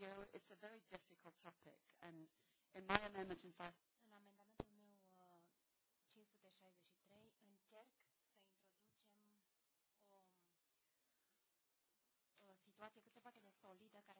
you, it's a very difficult topic. And in my amendment in five... În amendamentul meu uh, 563 încerc să introducem o, o situație cât se poate de solidă care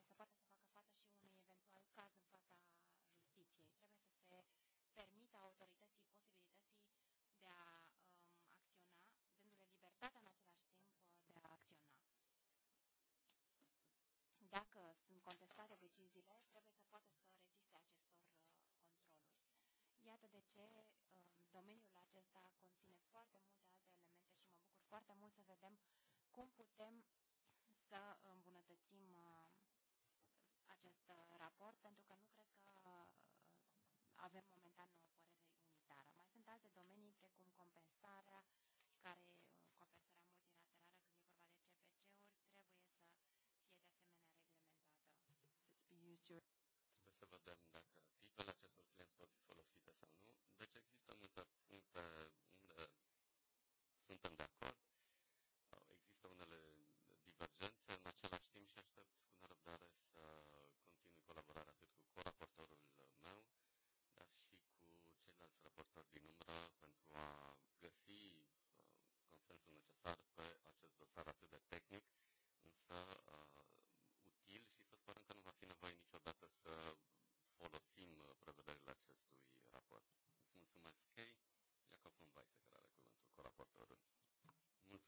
ce uh, domeniul acesta conține foarte multe alte elemente și mă bucur foarte mult să vedem cum putem să îmbunătățim uh, acest uh, raport, pentru că nu cred că avem momentan o părere unitară. Mai sunt alte domenii, precum compensarea, care compensarea multilaterală, când e vorba de CPC-uri, trebuie să fie de asemenea reglementată. Trebuie să vedem dacă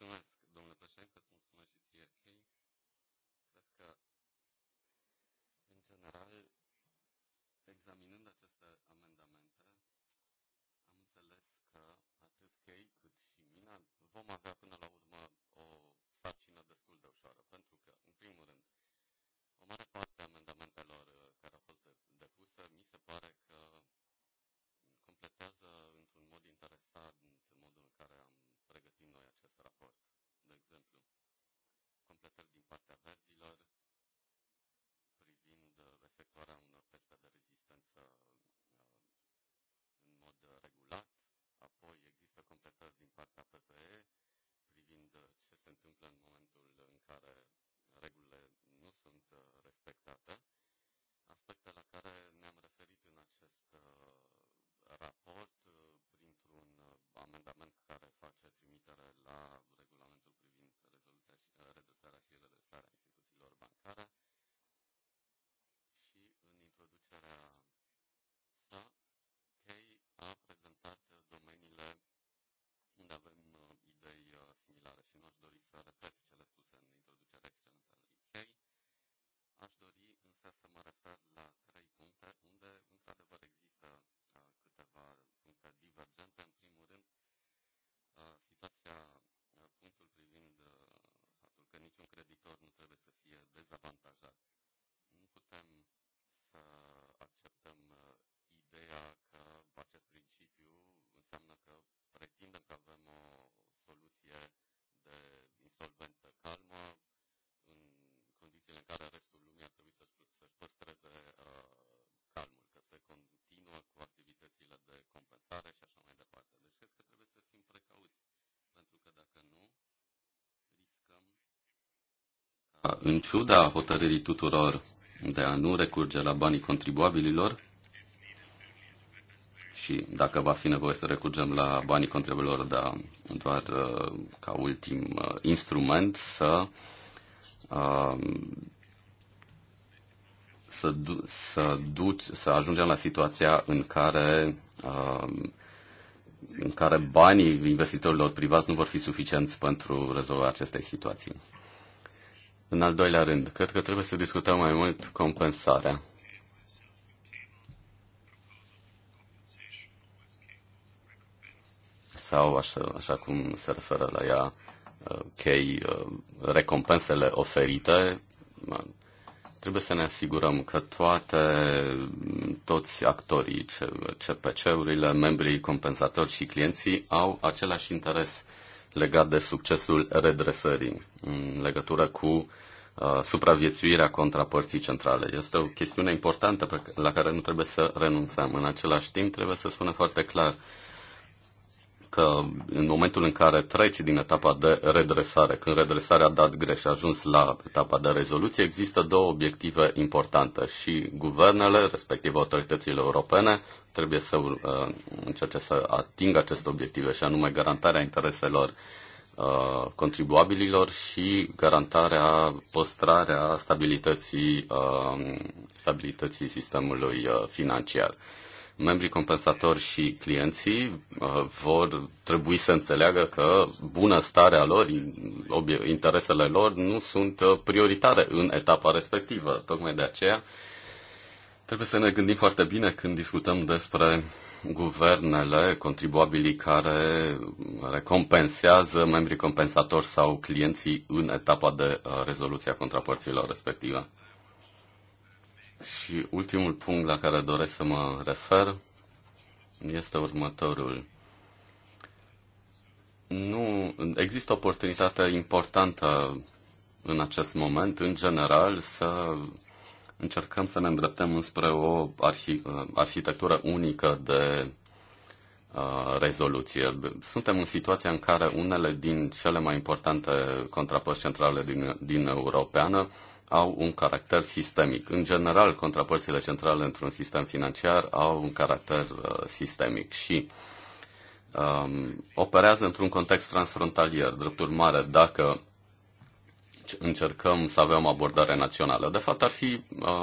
Mulțumesc! în ciuda hotărârii tuturor de a nu recurge la banii contribuabililor, și dacă va fi nevoie să recurgem la banii contribuabililor, dar doar uh, ca ultim uh, instrument, să uh, să, du- să, du- să ajungem la situația în care uh, în care banii investitorilor privați nu vor fi suficienți pentru rezolvarea acestei situații. În al doilea rând, cred că trebuie să discutăm mai mult compensarea. Sau, așa, așa cum se referă la ea, uh, chei, uh, recompensele oferite, trebuie să ne asigurăm că toate, toți actorii, CPC-urile, membrii compensatori și clienții au același interes uh, legat de succesul redresării în legătură cu uh, supraviețuirea contrapărții centrale. Este o chestiune importantă pe, la care nu trebuie să renunțăm. În același timp, trebuie să spunem foarte clar că în momentul în care treci din etapa de redresare, când redresarea a dat greș a ajuns la etapa de rezoluție, există două obiective importante și guvernele, respectiv autoritățile europene, trebuie să uh, încerce să atingă aceste obiective și anume garantarea intereselor uh, contribuabililor și garantarea, păstrarea stabilității, uh, stabilității sistemului uh, financiar membrii compensatori și clienții uh, vor trebui să înțeleagă că bunăstarea lor, interesele lor nu sunt uh, prioritare în etapa respectivă. Tocmai de aceea trebuie să ne gândim foarte bine când discutăm despre guvernele, contribuabilii care recompensează membrii compensatori sau clienții în etapa de uh, rezoluție a contrapărților respective. Și ultimul punct la care doresc să mă refer este următorul. Nu, există oportunitate importantă în acest moment, în general, să încercăm să ne îndreptăm înspre o arhi, arhitectură unică de uh, rezoluție. Suntem în situația în care unele din cele mai importante contrapăți centrale din, din Europeană au un caracter sistemic. În general, contrapărțile centrale într-un sistem financiar au un caracter uh, sistemic și um, operează într-un context transfrontalier. Drept urmare, dacă încercăm să avem abordare națională. De fapt, ar fi uh,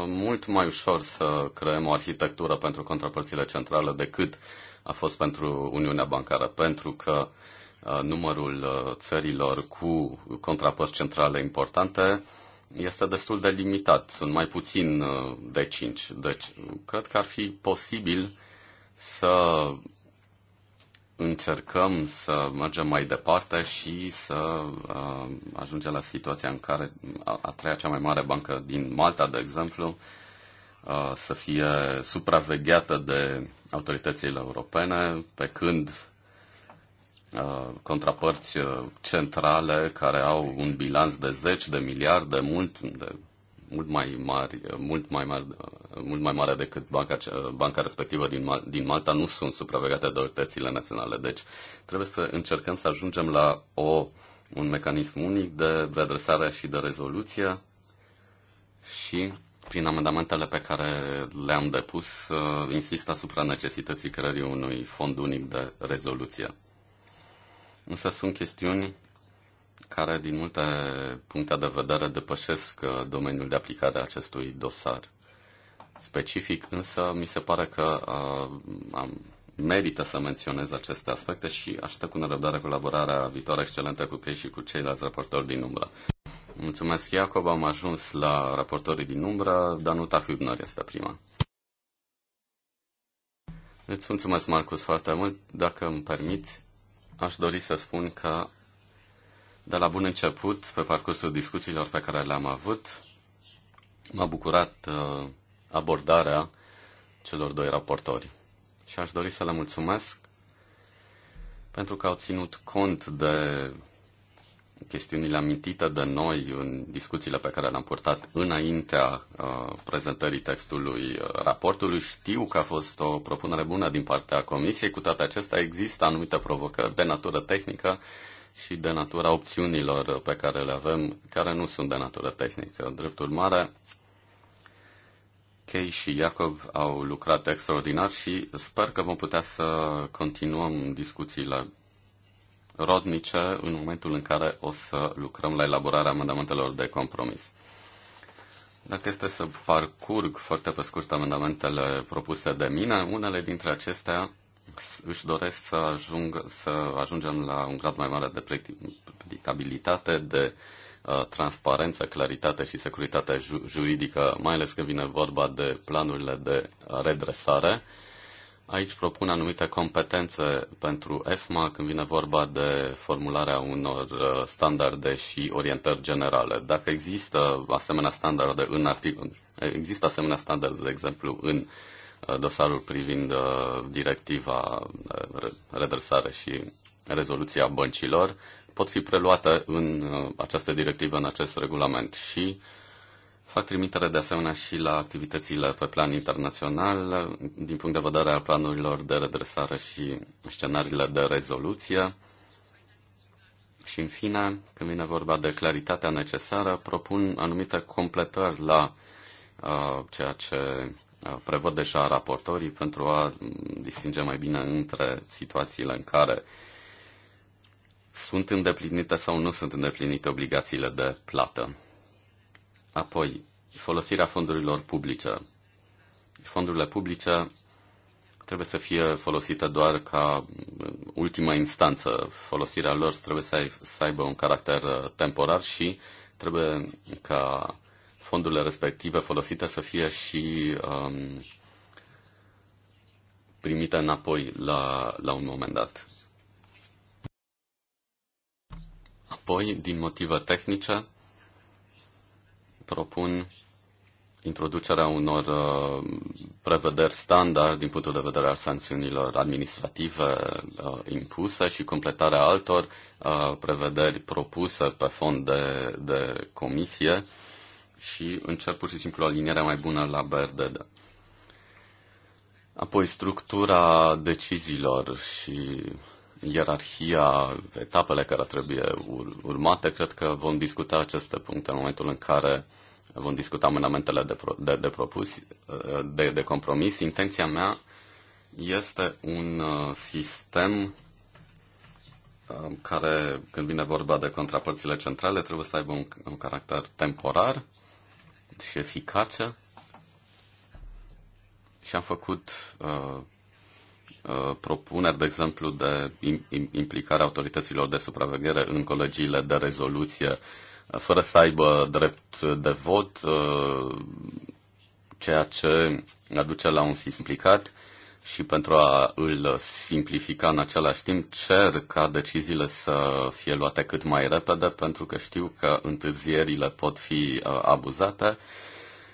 mult mai ușor să creăm o arhitectură pentru contrapărțile centrale decât a fost pentru Uniunea Bancară, pentru că uh, numărul uh, țărilor cu contrapărți centrale importante uh, este destul de limitat, sunt mai puțin uh, de 5. Deci, cred că ar fi posibil să încercăm să mergem mai departe și să uh, ajungem la situația în care a, treia cea mai mare bancă din Malta, de exemplu, uh, să fie supravegheată de autoritățile europene, pe când Uh, contrapărți uh, centrale care au un bilanț de zeci de miliarde, mult, de, mult mai mari, uh, mult mai mari, mult mai mare decât banca, banca respectivă din, din Malta, nu sunt supravegate de autoritățile naționale. Deci trebuie să încercăm să ajungem la o, un mecanism unic de redresare și de rezoluție și prin amendamentele pe care le-am depus, insist asupra necesității creării unui fond unic de rezoluție. Însă sunt chestiuni care, din multe puncte de vedere, depășesc uh, domeniul de aplicare a acestui dosar specific, însă mi se pare că uh, merită să menționez aceste aspecte și aștept cu nerăbdare colaborarea viitoare excelentă cu Chei și cu ceilalți raportori din umbră. Mulțumesc, Iacob. Am ajuns la raportorii din umbră. Danuta Hübner este prima. Îți mulțumesc, Marcus, foarte mult. Dacă îmi permiți, Aș dori să spun că de la bun început, pe parcursul discuțiilor pe care le-am avut, m-a bucurat uh, abordarea celor doi raportori. Și aș dori să le mulțumesc pentru că au ținut cont de chestiunile amintite de noi în discuțiile pe care le-am purtat înaintea uh, prezentării textului uh, raportului. Știu că a fost o propunere bună din partea Comisiei, cu toate acestea există anumite provocări de natură tehnică și de natura opțiunilor pe care le avem, care nu sunt de natură tehnică. Drept urmare, Kay și Iacob au lucrat extraordinar și sper că vom putea să continuăm discuțiile rodnice în momentul în care o să lucrăm la elaborarea amendamentelor de compromis. Dacă este să parcurg foarte pe scurt amendamentele propuse de mine, unele dintre acestea își doresc să, ajung, să ajungem la un grad mai mare de predictabilitate, de uh, transparență, claritate și securitate juridică, mai ales când vine vorba de planurile de redresare. Aici propun anumite competențe pentru ESMA când vine vorba de formularea unor uh, standarde și orientări generale. Dacă există asemenea standarde în articol, există asemenea standarde, de exemplu, în uh, dosarul privind uh, directiva redresare și rezoluția băncilor, pot fi preluate în această directivă, în acest regulament și uh, Fac trimitere de asemenea și la activitățile pe plan internațional, din punct de vedere al planurilor de redresare și scenariile de rezoluție. Și, în fine, când vine vorba de claritatea necesară, propun anumite completări la uh, ceea ce uh, prevăd deja raportorii pentru a mm, distinge mai bine între situațiile în care sunt îndeplinite sau nu sunt îndeplinite obligațiile de plată. Apoi, folosirea fondurilor publice. Fondurile publice trebuie să fie folosite doar ca uh, ultima instanță. Folosirea lor trebuie să, aibă un caracter uh, temporar și trebuie ca fondurile respective folosite să fie și um, primite înapoi la, la un moment dat. Apoi, din motive tehnice, propun introducerea unor uh, prevederi standard din punctul de vedere al sancțiunilor administrative uh, impuse și completarea altor uh, prevederi propuse pe fond de, de comisie și încerc pur și simplu alinierea mai bună la BRDD. Apoi structura deciziilor și ierarhia, etapele care trebuie urmate, cred că vom discuta aceste puncte în momentul în care Vom discuta amendamentele de, pro, de, de, propus, de, de compromis. Intenția mea este un uh, sistem uh, care, când vine vorba de contrapărțile centrale, trebuie să aibă un, un caracter temporar și eficace. Și am făcut uh, uh, propuneri, de exemplu, de implicarea autorităților de supraveghere în colegiile de rezoluție fără să aibă drept de vot, uh, ceea ce aduce la un simplicat și pentru a îl simplifica în același timp, cer ca deciziile să fie luate cât mai repede, pentru că știu că întârzierile pot fi uh, abuzate.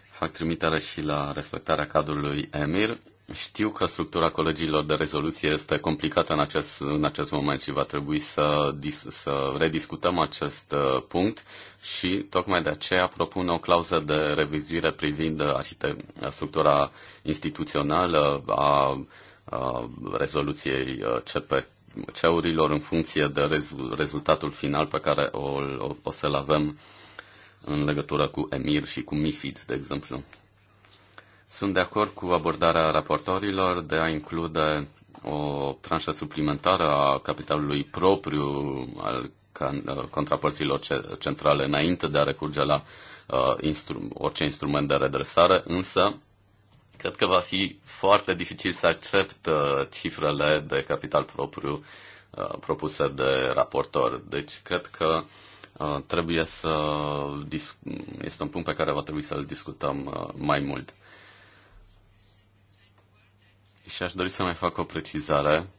Fac trimitere și la respectarea cadrului EMIR știu că structura colegiilor de rezoluție este complicată în acest, în acest moment și va trebui să, dis, să rediscutăm acest uh, punct și tocmai de aceea propun o clauză de revizuire privind uh, uh, structura instituțională a, a rezoluției CP urilor în funcție de rez, rezultatul final pe care o, o, o să-l avem în legătură cu EMIR și cu MIFID, de exemplu. Sunt de acord cu abordarea raportorilor de a include o tranșă suplimentară a capitalului propriu al uh, contrapărților centrale înainte de a recurge la uh, instru- orice instrument de redresare, însă cred că va fi foarte dificil să accept uh, cifrele de capital propriu uh, propuse de raportor. Deci cred că uh, trebuie să este un punct pe care va trebui să-l discutăm uh, mai mult. Și aș dori să mai fac o precizare.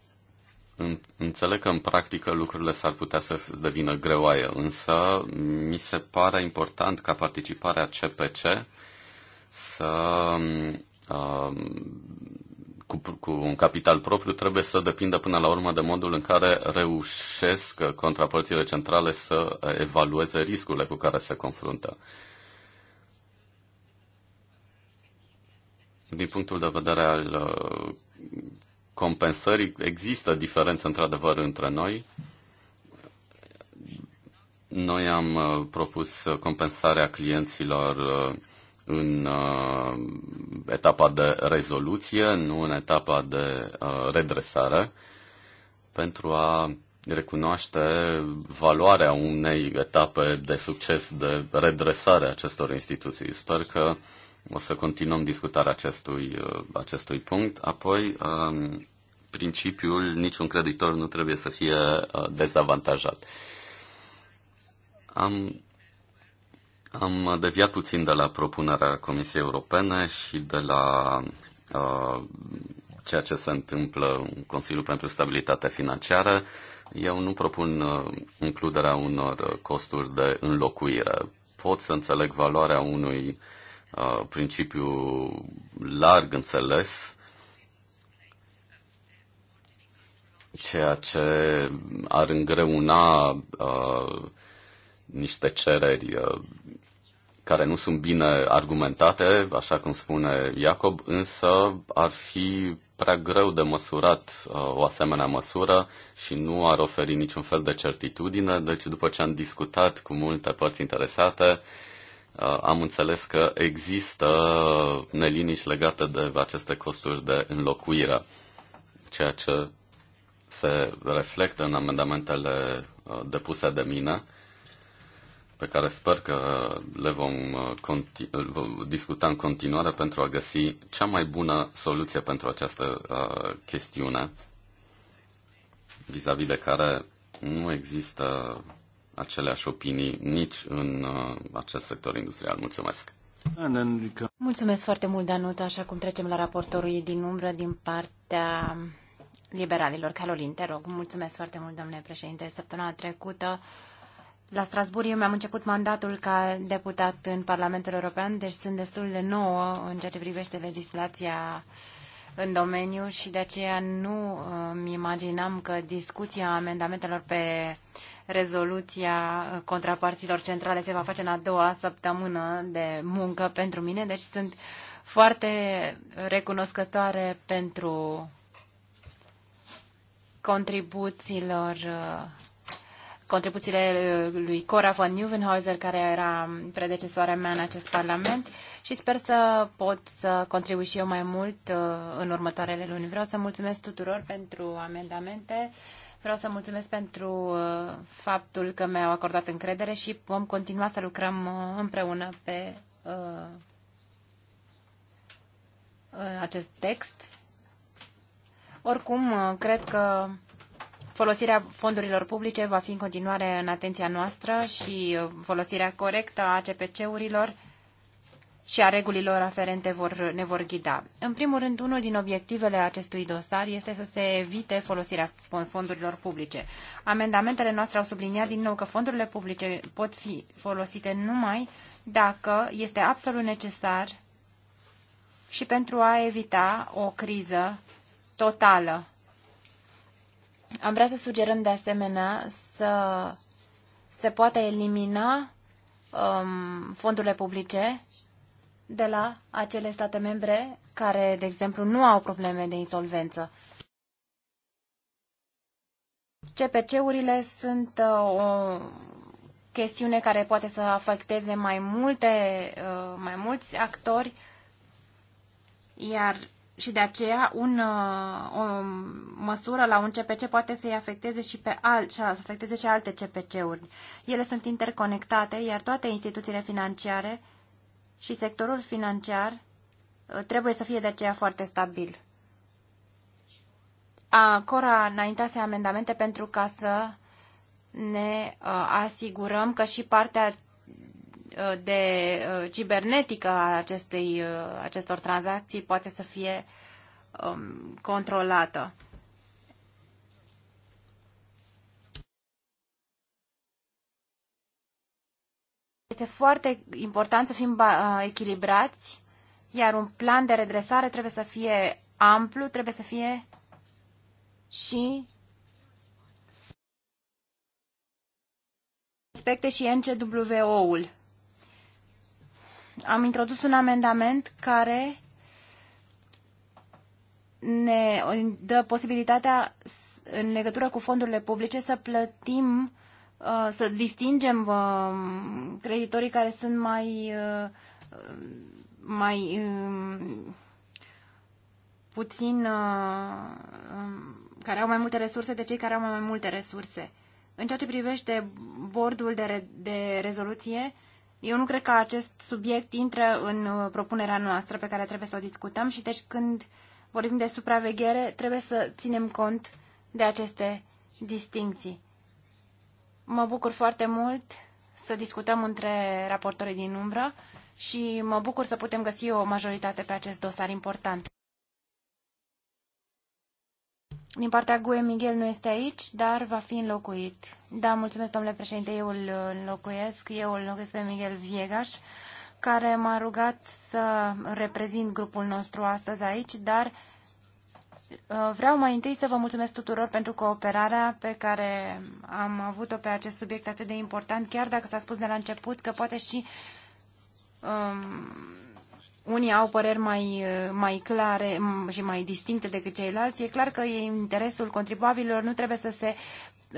Înțeleg că în practică lucrurile s-ar putea să devină greoaie, însă mi se pare important ca participarea CPC să uh, cu, cu un capital propriu trebuie să depindă până la urmă de modul în care reușesc contrapărțile centrale să evalueze riscurile cu care se confruntă. din punctul de vedere al uh, compensării, există diferență într-adevăr între noi. Noi am uh, propus compensarea clienților uh, în etapa de rezoluție, nu în etapa de redresare, pentru a recunoaște valoarea unei etape de succes de redresare a acestor instituții. Sper că uh, o să continuăm discutarea acestui, uh, acestui punct. Apoi, um, principiul niciun creditor nu trebuie să fie uh, dezavantajat. Am, am deviat puțin de la propunerea Comisiei Europene și de la uh, ceea ce se întâmplă în Consiliul pentru Stabilitate Financiară. Eu nu propun includerea unor costuri de înlocuire. Pot să înțeleg valoarea unui uh, Uh, principiu larg înțeles, ceea ce ar îngreuna uh, niște cereri uh, care nu sunt bine argumentate, așa cum spune Iacob, însă ar fi prea greu de măsurat uh, o asemenea măsură și nu ar oferi niciun fel de certitudine. Deci, după ce am discutat cu multe părți interesate, uh, Uh, am înțeles că există neliniști legate de aceste costuri de înlocuire, ceea ce se reflectă în amendamentele uh, depuse de mine, pe care sper că le uh, vom discuta în continuare pentru a găsi cea mai bună soluție pentru această chestiune, vis-a-vis -vis de care nu există aceleași opinii nici în uh, acest sector industrial. Mulțumesc! Mulțumesc foarte mult, Danuta, așa cum trecem la raportorul din umbră din partea liberalilor. Calolin, te rog, mulțumesc foarte mult, domnule președinte. Săptămâna trecută la Strasburg eu mi-am început mandatul ca deputat în Parlamentul European, deci sunt destul de nouă în ceea ce privește legislația în domeniu și de aceea nu îmi uh, imaginam că discuția amendamentelor pe rezoluția contraparților centrale se va face în a doua săptămână de muncă pentru mine, deci sunt foarte recunoscătoare pentru contribuțiilor contribuțiile lui Cora von Neuwenhäuser, care era predecesoarea mea în acest parlament și sper să pot să contribui și eu mai mult uh, în următoarele luni. Vreau să mulțumesc tuturor pentru amendamente Vreau să mulțumesc pentru uh, faptul că mi-au acordat încredere și vom continua să lucrăm uh, împreună pe uh, acest text. Oricum, cred că folosirea fondurilor publice va fi în continuare în atenția noastră și folosirea corectă a cpc urilor și a regulilor aferente vor, ne vor ghida. În primul rând, unul din obiectivele acestui dosar este să se evite folosirea fondurilor publice. Amendamentele noastre au subliniat din nou că fondurile publice pot fi folosite numai dacă este absolut necesar și pentru a evita o criză totală. Am vrea să sugerăm de asemenea să se poată elimina um, fondurile publice de la acele state membre care, de exemplu, nu au probleme de insolvență. CPC-urile sunt uh, o chestiune care poate să afecteze mai multe, uh, mai mulți actori, iar și de aceea un, uh, o măsură la un CPC poate să-i afecteze și pe al, să afecteze și alte CPC-uri. Ele sunt interconectate, iar toate instituțiile financiare și sectorul financiar uh, trebuie să fie de aceea foarte stabil. A, Cora înaintase amendamente pentru ca să ne uh, asigurăm că și partea uh, de cibernetică a acestei, acestor tranzacții poate să fie um, controlată. Este foarte important să fim uh, echilibrați, iar un plan de redresare trebuie să fie amplu, trebuie să fie și respecte și NCWO-ul. Am introdus un amendament care ne dă posibilitatea, în legătură cu fondurile publice, să plătim Uh, să distingem uh, creditorii care sunt mai uh, mai puțin um, care au mai multe resurse de cei care au mai multe resurse. În ceea ce privește bordul de, re, de rezoluție, eu nu cred că acest subiect intră în propunerea noastră pe care trebuie să o discutăm și deci când vorbim de supraveghere trebuie să ținem cont de aceste distinții. Mă bucur foarte mult să discutăm între raportorii din umbră și mă bucur să putem găsi o majoritate pe acest dosar important. Din partea GUE, Miguel nu este aici, dar va fi înlocuit. Da, mulțumesc, domnule președinte, eu îl înlocuiesc, eu îl înlocuiesc pe Miguel Viegaș, care m-a rugat să reprezint grupul nostru astăzi aici, dar Uh, vreau mai întâi să vă mulțumesc tuturor pentru cooperarea pe care am avut-o pe acest subiect atât de important, chiar dacă s-a spus de la început că poate și um, unii au păreri mai, uh, mai clare și mai distincte decât ceilalți. E clar că interesul contribuabililor nu trebuie să se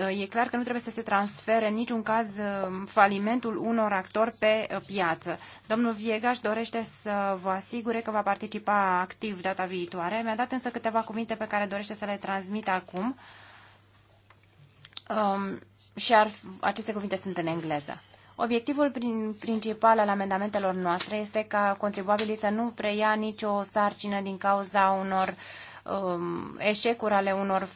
e clar că nu trebuie să se transfere în niciun caz uh, falimentul unor actori pe uh, piață. Domnul Viegaș dorește să vă asigure că va participa activ data viitoare. Mi-a dat însă câteva cuvinte pe care dorește să le transmit acum. Um, și ar, aceste cuvinte sunt în engleză. Obiectivul prin, principal al amendamentelor noastre este ca contribuabilii să nu preia nicio sarcină din cauza unor um, eșecuri ale unor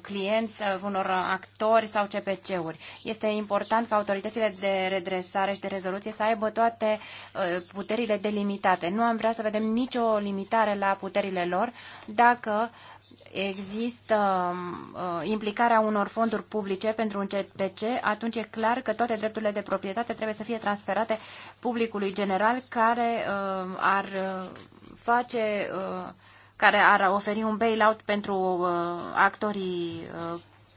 clienți, unor actori sau CPC-uri. Este important ca autoritățile de redresare și de rezoluție să aibă toate uh, puterile delimitate. Nu am vrea să vedem nicio limitare la puterile lor dacă există uh, implicarea unor fonduri publice pentru un CPC, atunci e clar că toate drepturile de proprietate trebuie să fie transferate publicului general care uh, ar uh, face, care ar oferi un bailout pentru actorii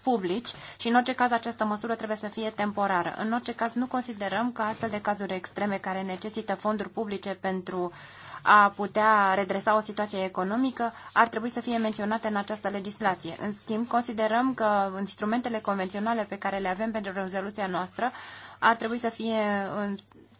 publici și în orice caz această măsură trebuie să fie temporară. În orice caz nu considerăm că astfel de cazuri extreme care necesită fonduri publice pentru uh, a putea redresa o situație economică ar trebui să fie menționate în această legislație. În schimb, considerăm că instrumentele convenționale pe care le avem pentru rezoluția noastră ar trebui să fie um,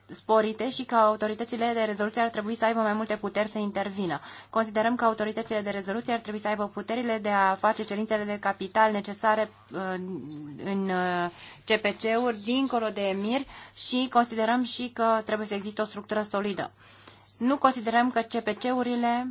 sporite și că autoritățile de rezoluție ar trebui să aibă mai multe puteri să intervină. Considerăm că autoritățile de rezoluție ar trebui să aibă puterile de a face cerințele de capital necesare uh, în uh, CPC-uri dincolo de EMIR și considerăm și că trebuie să existe o structură solidă. Nu considerăm că CPC-urile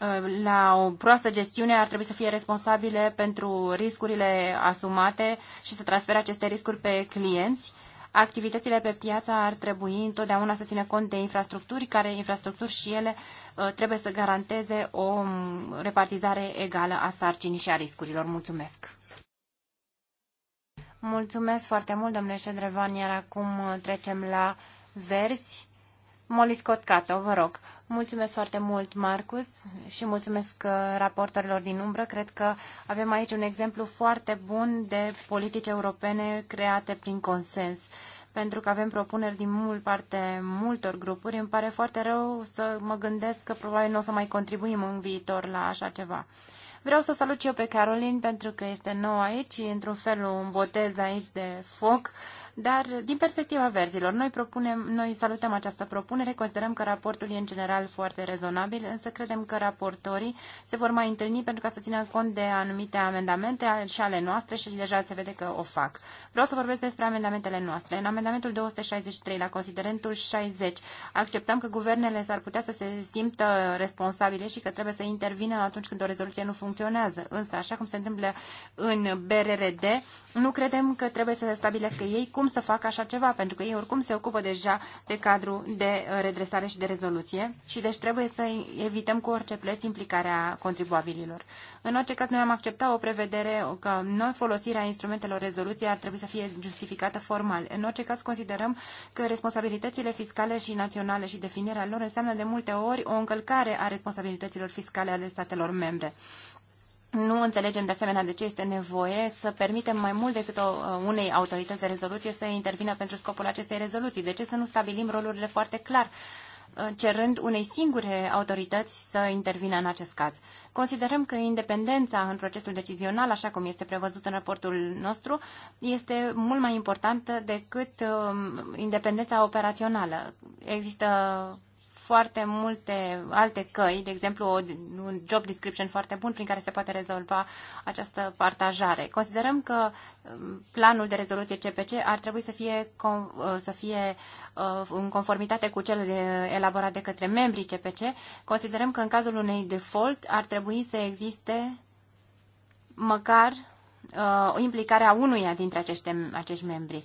uh, la o proastă gestiune ar trebui să fie responsabile pentru riscurile asumate și să transfere aceste riscuri pe clienți. Activitățile pe piață ar trebui întotdeauna să țină cont de infrastructuri, care infrastructuri și ele uh, trebuie să garanteze o um, repartizare egală a sarcinii și a riscurilor. Mulțumesc! Mulțumesc foarte mult, domnule Ședrevan, iar acum uh, trecem la verzi. Molly Scott Cato, vă rog. Mulțumesc foarte mult, Marcus, și mulțumesc uh, raportorilor din umbră. Cred că avem aici un exemplu foarte bun de politici europene create prin consens pentru că avem propuneri din mult parte multor grupuri. Îmi pare foarte rău să mă gândesc că probabil nu o să mai contribuim în viitor la așa ceva. Vreau să o salut și eu pe Caroline pentru că este nou aici, într-un fel un botez aici de foc. Uh, dar, din perspectiva verzilor, noi, propunem, noi salutăm această propunere, considerăm că raportul e în general foarte rezonabil, însă credem că raportorii se vor mai întâlni pentru ca să țină cont de anumite amendamente și ale noastre și deja se vede că o fac. Vreau să vorbesc despre amendamentele noastre. În amendamentul 263, la considerentul 60, acceptăm că guvernele s-ar putea să se simtă responsabile și că trebuie să intervină atunci când o rezoluție nu funcționează. Însă, așa cum se întâmplă în BRRD, nu credem că trebuie să se stabilească ei cum cum să facă așa ceva, pentru că ei oricum se ocupă deja de cadru de uh, redresare și de rezoluție și deci trebuie să evităm cu orice plăți implicarea contribuabililor. În orice caz, noi am acceptat o prevedere că noi folosirea instrumentelor rezoluției ar trebui să fie justificată formal. În orice caz, considerăm că responsabilitățile fiscale și naționale și definirea lor înseamnă de multe ori o încălcare a responsabilităților fiscale ale statelor membre. Nu înțelegem de asemenea de ce este nevoie să permitem mai mult decât o, uh, unei autorități de rezoluție să intervină pentru scopul acestei rezoluții. De ce să nu stabilim rolurile foarte clar, uh, cerând unei singure autorități să intervină în acest caz? Considerăm că independența în procesul decizional, așa cum este prevăzut în raportul nostru, este mult mai importantă decât um, independența operațională. Există foarte multe alte căi, de exemplu o, un job description foarte bun prin care se poate rezolva această partajare. Considerăm că um, planul de rezoluție CPC ar trebui să fie, uh, să fie uh, în conformitate cu cel uh, elaborat de către membrii CPC. Considerăm că în cazul unei default ar trebui să existe măcar implicare a unuia dintre acești, acești membri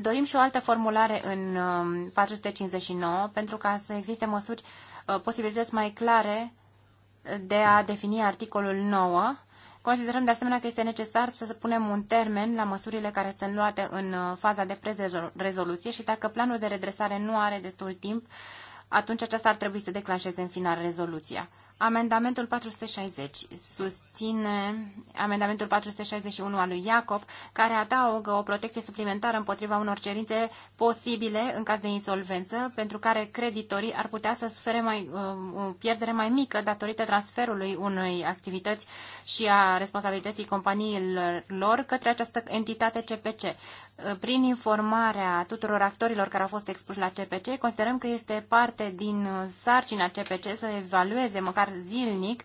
dorim și o altă formulare în 459 um, pentru ca să existe măsuri, uh, posibilități mai clare de a defini articolul 9. Considerăm de asemenea că este necesar să punem un termen la măsurile care sunt luate în uh, faza de prezoluție și dacă planul de redresare nu are destul timp, atunci aceasta ar trebui să declanșeze în final rezoluția. Amendamentul 460 susține amendamentul 461 al lui Iacob, care adaugă o protecție suplimentară împotriva unor cerințe posibile în caz de insolvență, pentru care creditorii ar putea să sfere mai, uh, o pierdere mai mică datorită transferului unei activități și a responsabilității companiilor lor către această entitate CPC. Uh, prin informarea tuturor actorilor care au fost expuși la CPC, considerăm că este parte parte din uh, sarcina CPC să evalueze măcar zilnic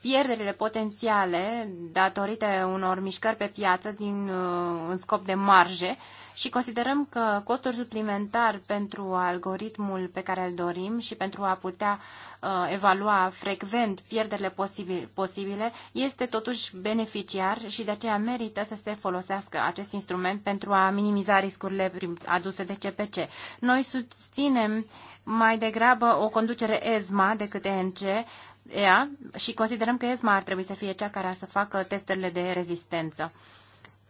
pierderile potențiale datorite unor mișcări pe piață din, uh, în scop de marje și considerăm că costuri suplimentar pentru algoritmul pe care îl dorim și pentru a putea uh, evalua frecvent pierderile posibil, posibile este totuși beneficiar și de aceea merită să se folosească acest instrument pentru a minimiza riscurile aduse de CPC. Noi susținem uh, mai degrabă o conducere ESMA decât ENC, ea, și considerăm că ESMA ar trebui să fie cea care ar să facă testele de rezistență.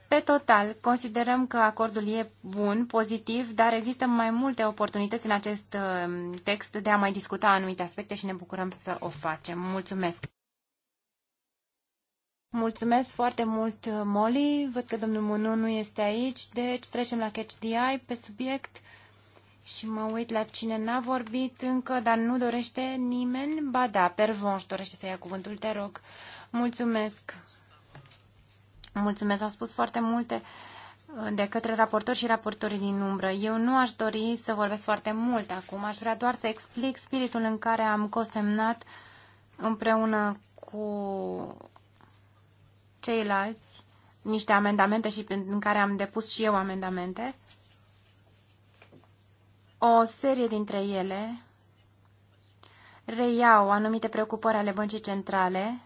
Pe total, considerăm că acordul e bun, pozitiv, dar există mai multe oportunități în acest uh, text de a mai discuta anumite aspecte și ne bucurăm să o facem. Mulțumesc! Mulțumesc foarte mult, uh, Molly. Văd că domnul Munu nu este aici, deci trecem la Catch the Eye pe subiect. Și mă uit la cine n-a vorbit încă, dar nu dorește nimeni. Ba da, Pervonș dorește să ia cuvântul, te rog. Mulțumesc. Mulțumesc, a spus foarte multe uh, de către raportori și raportorii din umbră. Eu nu aș dori să vorbesc foarte mult acum, aș vrea doar să explic spiritul în care am cosemnat împreună cu ceilalți niște amendamente și în care am depus și eu amendamente. O serie dintre ele reiau anumite preocupări ale băncii centrale.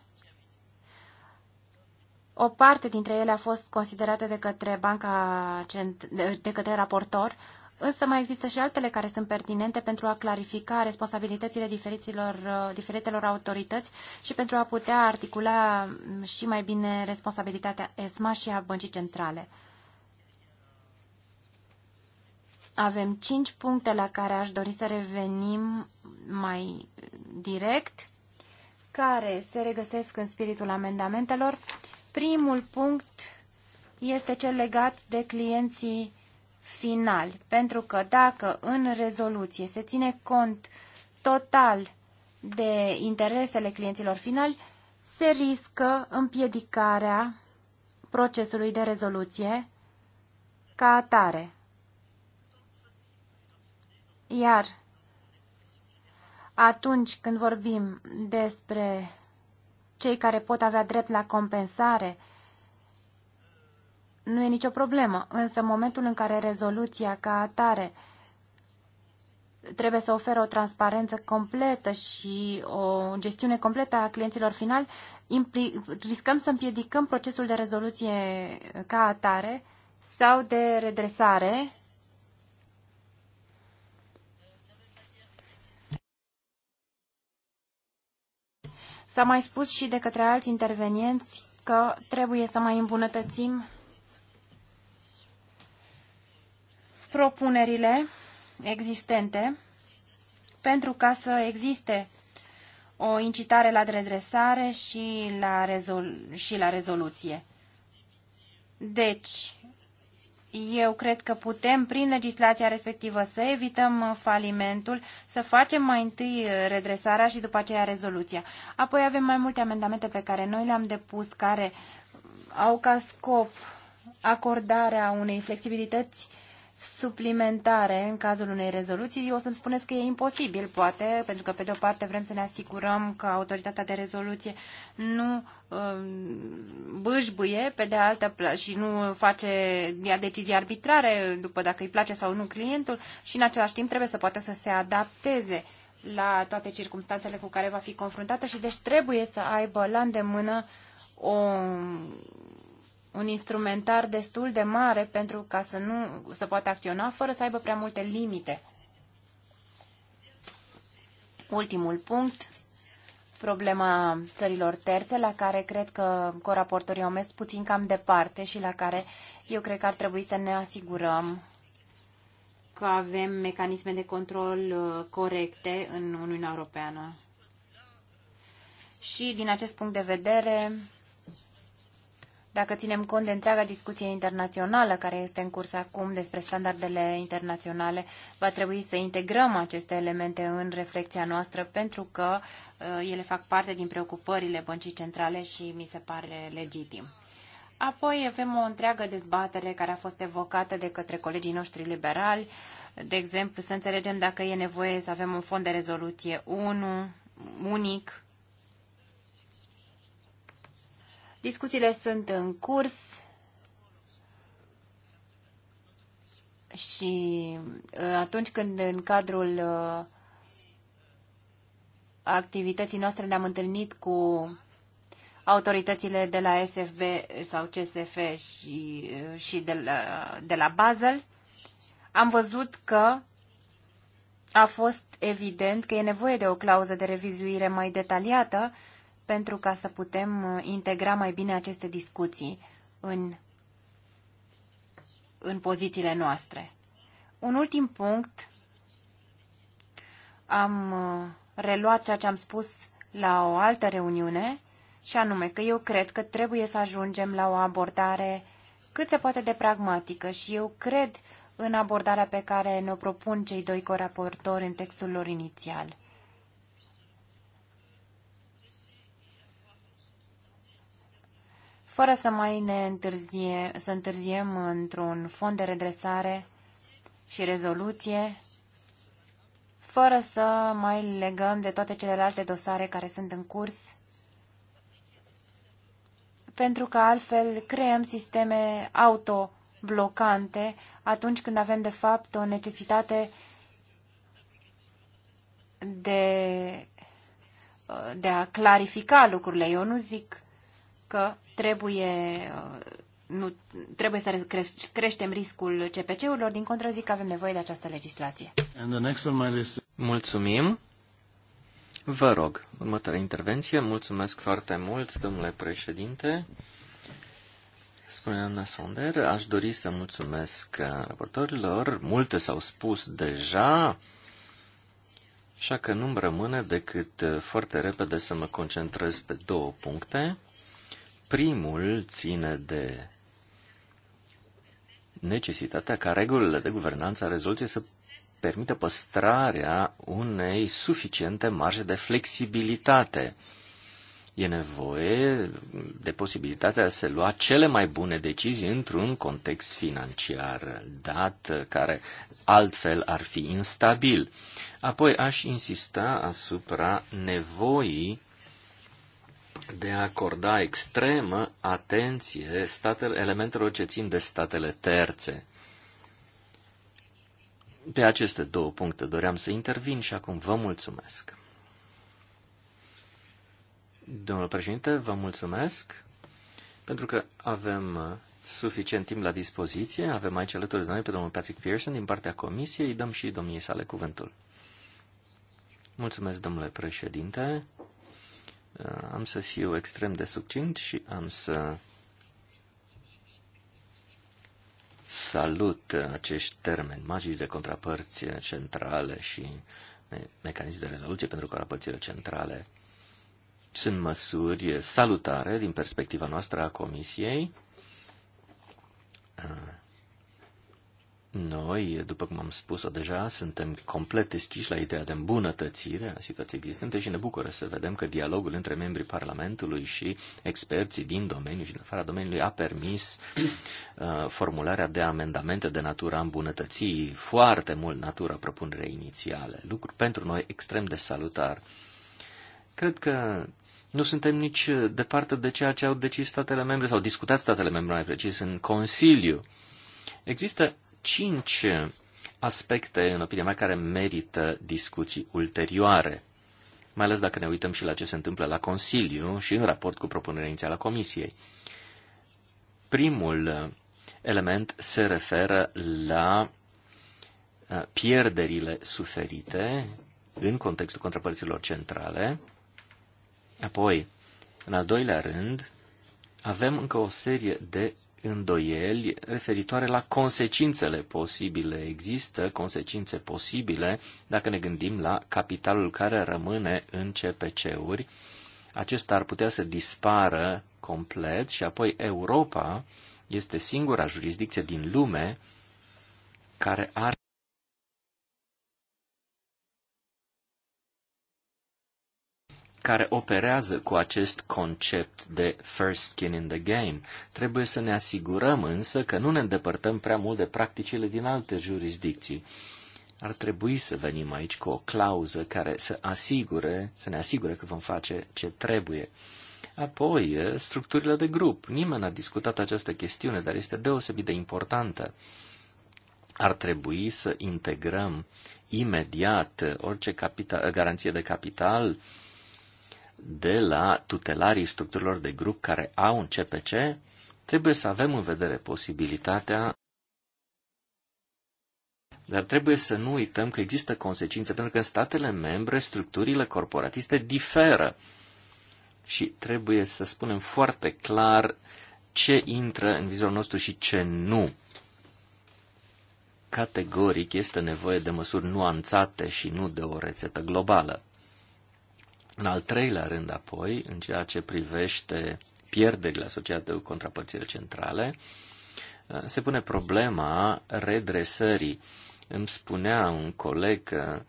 O parte dintre ele a fost considerată de către, banca, de către raportor, însă mai există și altele care sunt pertinente pentru a clarifica responsabilitățile uh, diferitelor autorități și pentru a putea articula mm, și mai bine responsabilitatea ESMA și a băncii centrale. Avem cinci puncte la care aș dori să revenim mai direct, care se regăsesc în spiritul amendamentelor. Primul punct este cel legat de clienții finali, pentru că dacă în rezoluție se ține cont total de interesele clienților finali, se riscă împiedicarea procesului de rezoluție ca atare. Iar atunci când vorbim despre cei care pot avea drept la compensare, nu e nicio problemă, însă în momentul în care rezoluția ca atare trebuie să oferă o transparență completă și o gestiune completă a clienților finali, riscăm să împiedicăm procesul de rezoluție ca atare sau de redresare S-a mai spus și de către alți intervenienți că trebuie să mai îmbunătățim propunerile existente pentru ca să existe o incitare la redresare și la, rezol- și la rezoluție. Deci, eu cred că putem, prin legislația respectivă, să evităm uh, falimentul, să facem mai întâi uh, redresarea și după aceea rezoluția. Apoi avem mai multe amendamente pe care noi le-am depus, care au ca scop acordarea unei flexibilități suplimentare în cazul unei rezoluții. O să-mi spuneți că e imposibil, poate, pentru că, pe de o parte, vrem să ne asigurăm că autoritatea de rezoluție nu um, bâșbâie, pe de altă și nu face, ia decizii arbitrare după dacă îi place sau nu clientul și, în același timp, trebuie să poată să se adapteze la toate circunstanțele cu care va fi confruntată și, deci, trebuie să aibă la îndemână o un instrumentar destul de mare pentru ca să nu să poată acționa fără să aibă prea multe limite. Ultimul punct, problema țărilor terțe, la care cred că coraportorii au mers puțin cam departe și la care eu cred că ar trebui să ne asigurăm că avem mecanisme de control uh, corecte în Uniunea Europeană. Și din acest punct de vedere, dacă ținem cont de întreaga discuție internațională care este în curs acum despre standardele internaționale, va trebui să integrăm aceste elemente în reflexia noastră pentru că uh, ele fac parte din preocupările băncii centrale și mi se pare legitim. Apoi avem o întreagă dezbatere care a fost evocată de către colegii noștri liberali, de exemplu, să înțelegem dacă e nevoie să avem un fond de rezoluție 1, unic, Discuțiile sunt în curs și uh, atunci când în cadrul uh, activității noastre ne-am întâlnit cu autoritățile de la SFB sau CSF și, uh, și de, la, de la Basel, am văzut că a fost evident că e nevoie de o clauză de revizuire mai detaliată pentru ca să putem uh, integra mai bine aceste discuții în, în pozițiile noastre. Un ultim punct. Am uh, reluat ceea ce am spus la o altă reuniune și anume că eu cred că trebuie să ajungem la o abordare cât se poate de pragmatică și eu cred în abordarea pe care ne-o propun cei doi coraportori în textul lor inițial. fără să mai ne întârzie, să întârziem într-un fond de redresare și rezoluție, fără să mai legăm de toate celelalte dosare care sunt în curs, pentru că altfel creăm sisteme autoblocante atunci când avem de fapt o necesitate de, de a clarifica lucrurile. Eu nu zic că trebuie uh, nu trebuie să creștem riscul CPC-urilor, din contră zic că avem nevoie de această legislație. Mulțumim. Vă rog, următoarea intervenție. Mulțumesc foarte mult, domnule președinte. Spune Anna Sonder, aș dori să mulțumesc uh, raportorilor. Multe s-au spus deja, așa că nu-mi rămâne decât uh, foarte repede să mă concentrez pe două puncte. Primul ține de necesitatea ca regulile de guvernanță a rezoluției să permită păstrarea unei suficiente marje de flexibilitate. E nevoie de posibilitatea de a se lua cele mai bune decizii într-un context financiar dat, care altfel ar fi instabil. Apoi aș insista asupra nevoii de a acorda extremă atenție statele, elementelor ce țin de statele terțe. Pe aceste două puncte doream să intervin și acum vă mulțumesc. domnule președinte, vă mulțumesc pentru că avem uh, suficient timp la dispoziție. Avem aici alături de noi pe domnul Patrick Pearson din partea comisiei. Îi dăm și domniei sale cuvântul. Mulțumesc, domnule președinte. Uh, am să fiu extrem de succint și am să salut acești termeni magici de contrapărți centrale și mecanism de rezoluție pentru contrapărțile centrale. Sunt măsuri salutare din perspectiva noastră a Comisiei uh, noi, după cum am spus-o deja, suntem complet deschiși la ideea de îmbunătățire a situației existente și ne bucură să vedem că dialogul între membrii Parlamentului și experții din domeniu și din afara domeniului a permis uh, formularea de amendamente de natură a îmbunătății foarte mult natura propunerea inițiale. Lucru pentru noi extrem de salutar. Cred că nu suntem nici departe de ceea ce au decis statele membre sau discutat statele membre mai precis în Consiliu. Există cinci aspecte, în opinia mea, care merită discuții ulterioare, mai ales dacă ne uităm și la ce se întâmplă la Consiliu și în raport cu propunerea inițială a Comisiei. Primul element se referă la uh, pierderile suferite în contextul contrapărților centrale. Apoi, în al doilea rând, avem încă o serie de îndoieli referitoare la consecințele posibile. Există consecințe posibile dacă ne gândim la capitalul care rămâne în CPC-uri. Acesta ar putea să dispară complet și apoi Europa este singura jurisdicție din lume care are care operează cu acest concept de first skin in the game. Trebuie să ne asigurăm însă că nu ne îndepărtăm prea mult de practicile din alte jurisdicții. Ar trebui să venim aici cu o clauză care să asigure, să ne asigure că vom face ce trebuie. Apoi, eh, structurile de grup. Nimeni n-a discutat această chestiune, dar este deosebit de importantă. Ar trebui să integrăm imediat eh, orice capital, eh, garanție de capital de la tutelarii structurilor de grup care au un CPC, trebuie să avem în vedere posibilitatea, dar trebuie să nu uităm că există consecințe, pentru că în statele membre structurile corporatiste diferă și trebuie să spunem foarte clar ce intră în vizorul nostru și ce nu. Categoric este nevoie de măsuri nuanțate și nu de o rețetă globală. În al treilea rând, apoi, în ceea ce privește pierderile asociate cu contrapărțile centrale, se pune problema redresării. Îmi spunea un coleg că,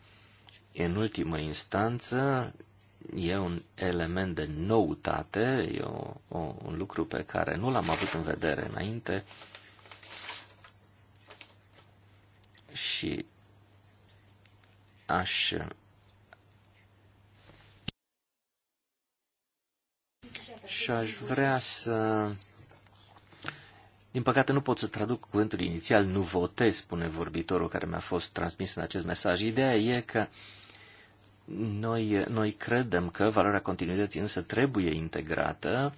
în ultimă instanță, e un element de noutate, e o, o, un lucru pe care nu l-am avut în vedere înainte și aș și aș vrea să... Din păcate nu pot să traduc cuvântul inițial, nu votez, spune vorbitorul care mi-a fost transmis în acest mesaj. Ideea e că noi, noi credem că valoarea continuității însă trebuie integrată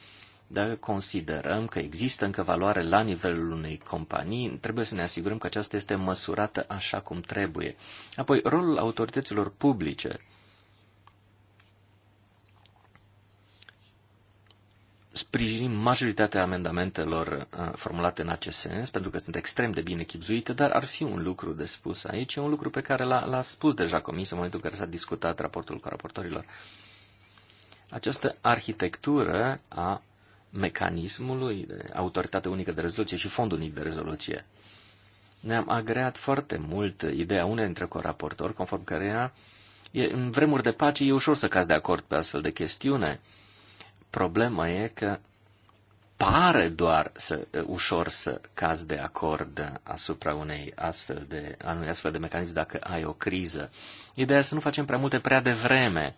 dacă considerăm că există încă valoare la nivelul unei companii, trebuie să ne asigurăm că aceasta este măsurată așa cum trebuie. Apoi, rolul autorităților publice sprijinim majoritatea amendamentelor uh, formulate în acest sens, pentru că sunt extrem de bine chipzuite, dar ar fi un lucru de spus aici, un lucru pe care l-a, spus deja Comisia în momentul în care s-a discutat raportul cu raportorilor. Această arhitectură a mecanismului de autoritate unică de rezoluție și fondul unic de rezoluție. Ne-am agreat foarte mult ideea unei dintre coraportori, conform căreia e, în vremuri de pace e ușor să cazi de acord pe astfel de chestiune, Problema e că pare doar să, ușor să cazi de acord asupra unei astfel de, unui astfel de mecanism dacă ai o criză. Ideea e să nu facem prea multe prea devreme.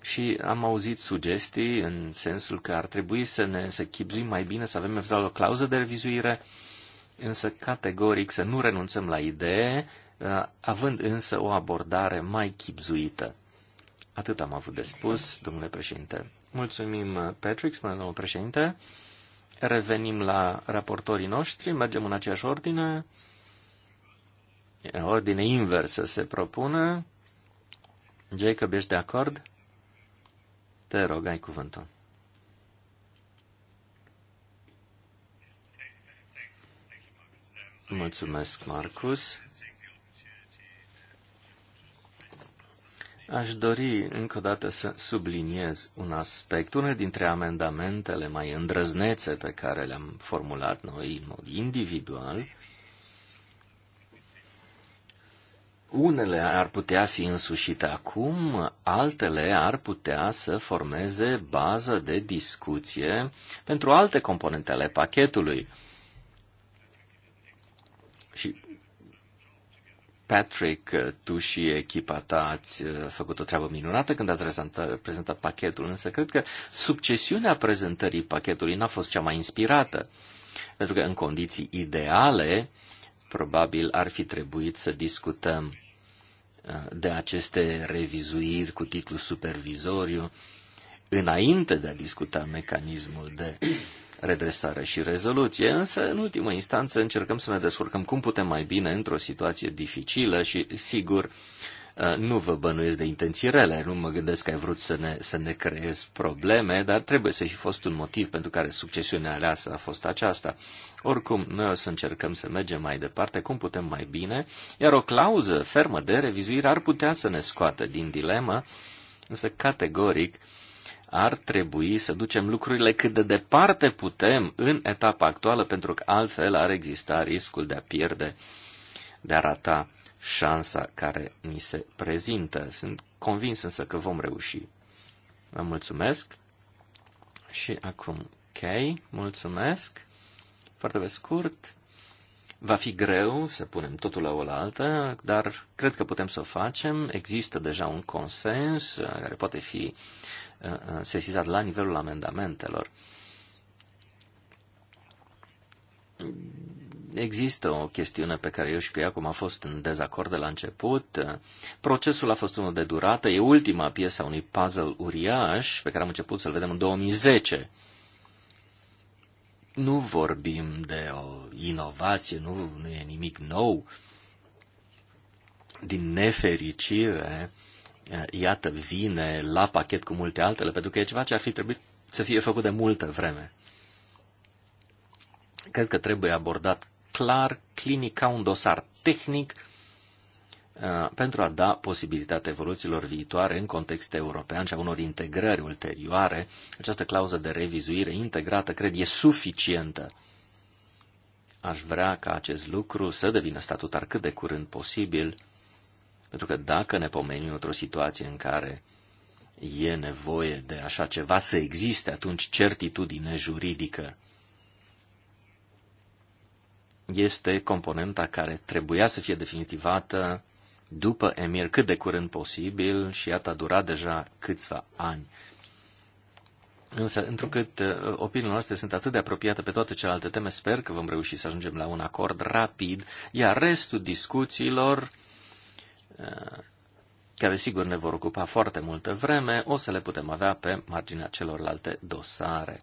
Și am auzit sugestii în sensul că ar trebui să ne să chipzuim mai bine, să avem eventual o clauză de revizuire, însă categoric să nu renunțăm la idee, uh, având însă o abordare mai chipzuită. Atât am avut de spus, domnule președinte. Mulțumim, uh, Patrick, spune domnul președinte. Revenim la raportorii noștri, mergem în aceeași ordine. Ordine inversă se propune. Jacob, ești de acord? Te rog, ai cuvântul. Mulțumesc, Marcus. Aș dori încă o dată să subliniez un aspect. Unul dintre amendamentele mai îndrăznețe pe care le-am formulat noi în mod individual, unele ar putea fi însușite acum, altele ar putea să formeze bază de discuție pentru alte componente ale pachetului. Și Patrick, uh, tu și echipa ta ați uh, făcut o treabă minunată când ați prezentat pachetul, însă cred că succesiunea prezentării pachetului n-a fost cea mai inspirată, pentru că în condiții ideale, probabil ar fi trebuit să discutăm uh, de aceste revizuiri cu titlu supervizoriu, înainte de a discuta mecanismul de redresare și rezoluție, însă, în ultimă instanță, încercăm să ne descurcăm cum putem mai bine într-o situație dificilă și, sigur, uh, nu vă bănuiesc de intenții rele, nu mă gândesc că ai vrut să ne, să ne creezi probleme, dar trebuie să fi fost un motiv pentru care succesiunea aleasă a fost aceasta. Oricum, noi o să încercăm să mergem mai departe, cum putem mai bine, iar o clauză fermă de revizuire ar putea să ne scoată din dilemă, însă categoric ar trebui să ducem lucrurile cât de departe putem în etapa actuală, pentru că altfel ar exista riscul de a pierde, de a rata șansa care ni se prezintă. Sunt convins însă că vom reuși. Vă mulțumesc. Și acum, ok, mulțumesc. Foarte pe scurt, Va fi greu să punem totul la o la altă, dar cred că putem să o facem. Există deja un consens uh, care poate fi uh, uh, sesizat la nivelul amendamentelor. Există o chestiune pe care eu și cu ea acum a fost în dezacord de la început. Procesul a fost unul de durată. E ultima piesă a unui puzzle uriaș pe care am început să-l vedem în 2010 nu vorbim de o inovație, nu, nu e nimic nou. Din nefericire, iată, vine la pachet cu multe altele, pentru că e ceva ce ar fi trebuit să fie făcut de multă vreme. Cred că trebuie abordat clar, clinic, ca un dosar tehnic Uh, pentru a da posibilitatea evoluțiilor viitoare în context european și a unor integrări ulterioare. Această clauză de revizuire integrată, cred, e suficientă. Aș vrea ca acest lucru să devină statutar cât de curând posibil, pentru că dacă ne pomenim într-o situație în care e nevoie de așa ceva să existe, atunci certitudine juridică este componenta care trebuia să fie definitivată după Emir cât de curând posibil și iată a durat deja câțiva ani. Însă, întrucât uh, opiniile noastre sunt atât de apropiate pe toate celelalte teme, sper că vom reuși să ajungem la un acord rapid, iar restul discuțiilor, uh, care sigur ne vor ocupa foarte multă vreme, o să le putem avea pe marginea celorlalte dosare.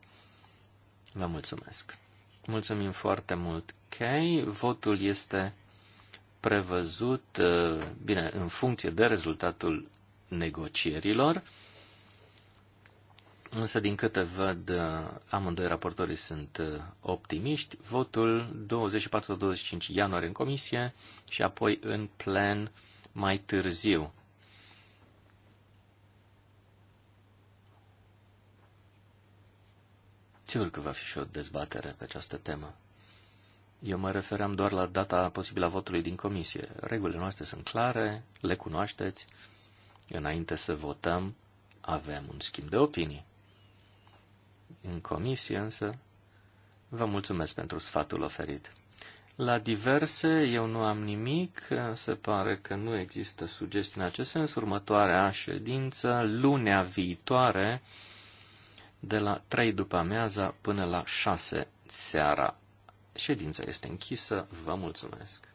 Vă mulțumesc! Mulțumim foarte mult, Kay. Votul este prevăzut, uh, bine, în funcție de rezultatul negocierilor, însă din câte văd uh, amândoi raportorii sunt uh, optimiști, votul 24-25 ianuarie în comisie și apoi în plen mai târziu. Sigur că va fi și o dezbatere pe această temă. Eu mă refeream doar la data posibilă a votului din comisie. Regulile noastre sunt clare, le cunoașteți. Înainte să votăm, avem un schimb de opinii. În comisie, însă, vă mulțumesc pentru sfatul oferit. La diverse, eu nu am nimic, se pare că nu există sugestii în acest sens. Următoarea ședință, lunea viitoare, de la 3 după amiaza până la 6 seara. Ședința este închisă. Vă mulțumesc.